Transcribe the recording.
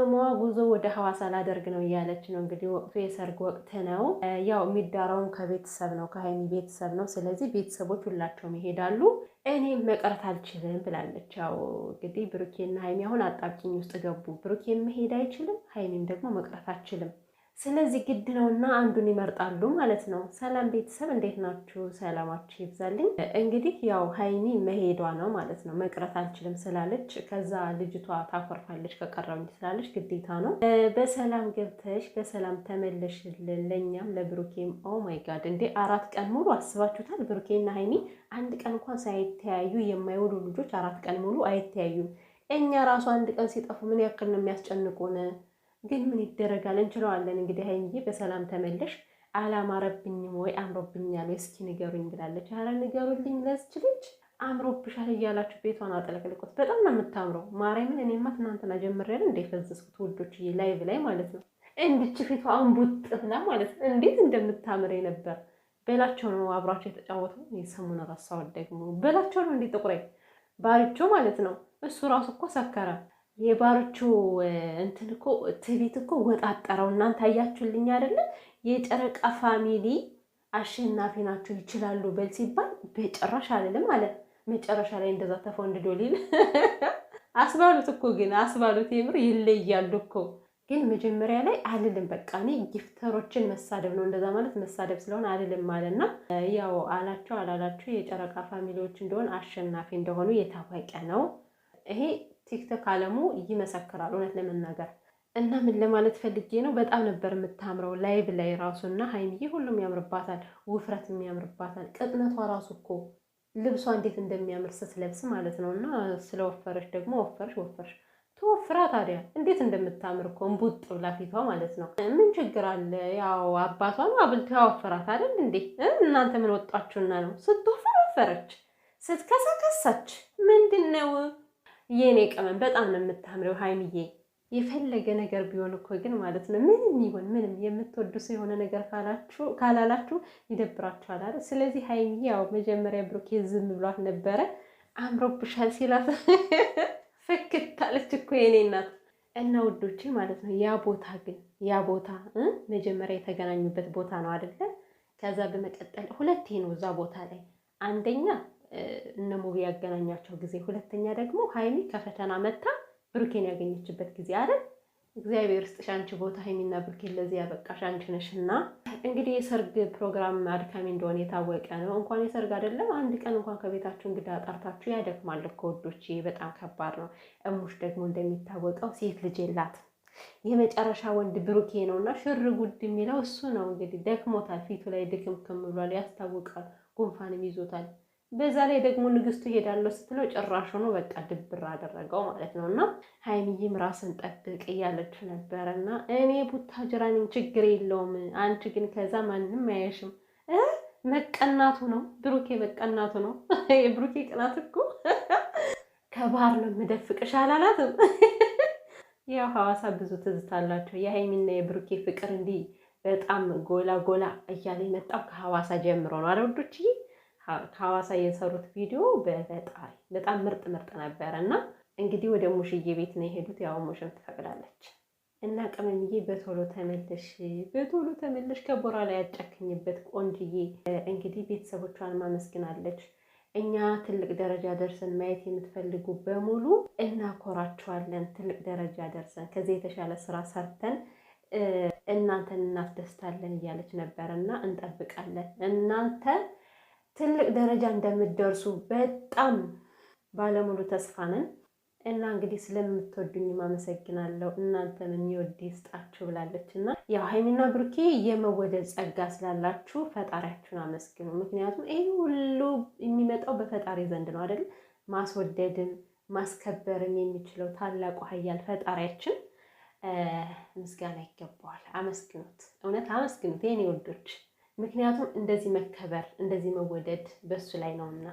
ቅመሟ ጉዞ ወደ ሀዋሳ ላደርግ ነው እያለች ነው። እንግዲህ ወቅቱ የሰርግ ወቅት ነው። ያው የሚዳራውም ከቤተሰብ ነው፣ ከሀይሚ ቤተሰብ ነው። ስለዚህ ቤተሰቦች ሁላቸውም ይሄዳሉ። እኔ መቅረት አልችልም ብላለች። ያው እንግዲህ ብሩኬና ሀይሚ አሁን አጣብቂኝ ውስጥ ገቡ። ብሩኬን መሄድ አይችልም፣ ሀይሚም ደግሞ መቅረት አችልም። ስለዚህ ግድ ነውና አንዱን ይመርጣሉ ማለት ነው። ሰላም ቤተሰብ እንዴት ናችሁ? ሰላማችሁ ይብዛልኝ። እንግዲህ ያው ሀይሚ መሄዷ ነው ማለት ነው። መቅረት አልችልም ስላለች ከዛ ልጅቷ ታኮርፋለች ከቀረብኝ ስላለች ግዴታ ነው። በሰላም ገብተሽ በሰላም ተመለሽልን ለእኛም ለብሩኬም። ኦ ማይ ጋድ እንዴ! አራት ቀን ሙሉ አስባችሁታል? ብሩኬና ሀይሚ አንድ ቀን እንኳን ሳይተያዩ የማይውሉ ልጆች አራት ቀን ሙሉ አይተያዩም። እኛ ራሱ አንድ ቀን ሲጠፉ ምን ያክል ነው የሚያስጨንቁን? ግን ምን ይደረጋል እንችለዋለን። እንግዲህ ሀይሚዬ በሰላም ተመለሽ። አላማረብኝም ወይ አምሮብኛል ወይ እስኪ ንገሩኝ ብላለች። አረ ንገሩልኝ ለዚች ልጅ አምሮብሻል እያላችሁ ቤቷን አጠለቅልቁት። በጣም ነው የምታምረው። ማርያምን እኔማ ትናንትና ጀምሬያለሁ እንደፈዘዝኩት ውዶች፣ ላይቭ ላይ ማለት ነው። እንድች ፊቷ አንቡጥ ማለት ነው። እንዴት እንደምታምር ነበር በላቸው ነው አብሯቸው የተጫወቱ የሰሙን ራሷ ደግሞ በላቸው ነው እንዴት ጥቁሬ ባርቾ ማለት ነው። እሱ ራሱ እኮ ሰከረ። የባርቹ እንትን እኮ ትቤት እኮ ወጣጠረው። እናንተ አያችሁልኝ አይደለ? የጨረቃ ፋሚሊ አሸናፊ ናቸው ይችላሉ በል ሲባል በጭራሽ አልልም አለ። መጨረሻ ላይ እንደዛ ተፈንድዶ ሊል አስባሉት እኮ ግን አስባሉት። የምር ይለያሉ እኮ ግን መጀመሪያ ላይ አልልም። በቃ እኔ ጊፍተሮችን መሳደብ ነው እንደዛ ማለት መሳደብ ስለሆነ አልልም ማለት ና ያው አላቸው አላላቸው የጨረቃ ፋሚሊዎች እንደሆን አሸናፊ እንደሆኑ የታወቀ ነው ይሄ ቲክቶክ አለሙ ይመሰክራል። እውነት ለመናገር እና ምን ለማለት ፈልጌ ነው፣ በጣም ነበር የምታምረው ላይቭ ላይ ራሱ እና ሀይሚዬ ሁሉም ያምርባታል፣ ውፍረትም ያምርባታል። ቅጥነቷ ራሱ እኮ ልብሷ እንዴት እንደሚያምር ስትለብስ ማለት ነው። እና ስለወፈረች ደግሞ ወፈረች ወፈርሽ ትወፍራ ታዲያ እንዴት እንደምታምር እኮ እምቡጥ ብላ ፊቷ ማለት ነው። ምን ችግር አለ? ያው አባቷ ነው አብልቶ ያወፈራት አይደል እንዴ? እናንተ ምን ወጣችሁና ነው? ስትወፍር ወፈረች፣ ስትከሳ ከሳች። ምንድን ነው የኔ ቅመም በጣም ነው የምታምረው ሀይሚዬ። የፈለገ ነገር ቢሆን እኮ ግን ማለት ነው ምንም ይሆን ምንም የምትወዱ ሰው የሆነ ነገር ካላላችሁ ይደብራችኋል አይደል? ስለዚህ ሀይሚ ያው መጀመሪያ ብሩኬ ዝም ብሏት ነበረ። አምሮብሻል ሲላት ፍክታለች እኮ የኔ እናት እና ውዶቼ ማለት ነው። ያ ቦታ ግን ያ ቦታ መጀመሪያ የተገናኙበት ቦታ ነው አይደለ? ከዛ በመቀጠል ሁለቴ ነው እዛ ቦታ ላይ አንደኛ እነ ያገናኛቸው ጊዜ፣ ሁለተኛ ደግሞ ሀይሚ ከፈተና መታ ብሩኬን ያገኘችበት ጊዜ አይደል? እግዚአብሔር ስጥሽ አንቺ ቦታ ሀይሚና ብሩኬን ለዚህ ያበቃሽ አንቺ ነሽ። እና እንግዲህ የሰርግ ፕሮግራም አድካሚ እንደሆነ የታወቀ ነው። እንኳን የሰርግ አይደለም አንድ ቀን እንኳን ከቤታችሁ እንግዳ አጣርታችሁ ያደክማል እኮ ወዶቼ፣ በጣም ከባድ ነው። እሙሽ ደግሞ እንደሚታወቀው ሴት ልጅ የላት የመጨረሻ ወንድ ብሩኬ ነው እና ሽር ጉድ የሚለው እሱ ነው። እንግዲህ ደክሞታል፣ ፊቱ ላይ ድክም ክም ብሏል፣ ያስታውቃል፣ ጉንፋንም ይዞታል። በዛ ላይ ደግሞ ንግስቱ ሄዳለሁ ስትለው ጭራሹኑ በቃ ድብር አደረገው ማለት ነው። እና ሀይሚዬም ራስን ጠብቅ እያለችው ነበረ። እና እኔ ቡታጅራን ችግር የለውም አንቺ ግን ከዛ ማንም አያሽም። መቀናቱ ነው ብሩኬ፣ መቀናቱ ነው ብሩኬ። ቅናት እኮ ከባህር ነው የምደፍቅሽ አላላትም። ያው ሀዋሳ ብዙ ትዝታ አላቸው። የሀይሚና የብሩኬ ፍቅር እንዲህ በጣም ጎላ ጎላ እያለ የመጣው ከሀዋሳ ጀምሮ ነው አለ ከሐዋሳ የሰሩት ቪዲዮ በጣም በጣም ምርጥ ምርጥ ነበረ እና እንግዲህ ወደ ሙሽዬ ቤት ነው የሄዱት። ያው ሙሽም ትፈቅዳለች እና ቅመምዬ በቶሎ ተመለሽ፣ በቶሎ ተመለሽ፣ ከቦራ ላይ ያጨክኝበት ቆንጅዬ። እንግዲህ ቤተሰቦቿን ማመስግናለች። እኛ ትልቅ ደረጃ ደርሰን ማየት የምትፈልጉ በሙሉ እናኮራችኋለን። ትልቅ ደረጃ ደርሰን ከዚህ የተሻለ ስራ ሰርተን እናንተን እናስደስታለን እያለች ነበር እና እንጠብቃለን እናንተ ትልቅ ደረጃ እንደምትደርሱ በጣም ባለሙሉ ተስፋ ነን እና እንግዲህ ስለምትወዱኝ አመሰግናለሁ። እናንተን የሚወድ ይስጣችሁ ብላለች እና ያው ሀይሚና ብሩኬ የመወደድ ጸጋ ስላላችሁ ፈጣሪያችሁን አመስግኑ። ምክንያቱም ይህ ሁሉ የሚመጣው በፈጣሪ ዘንድ ነው አይደል? ማስወደድን ማስከበርን የሚችለው ታላቁ ኃያል ፈጣሪያችን ምስጋና ይገባዋል። አመስግኑት፣ እውነት አመስግኑት የኔ ወዶች። ምክንያቱም እንደዚህ መከበር እንደዚህ መወደድ በሱ ላይ ነውና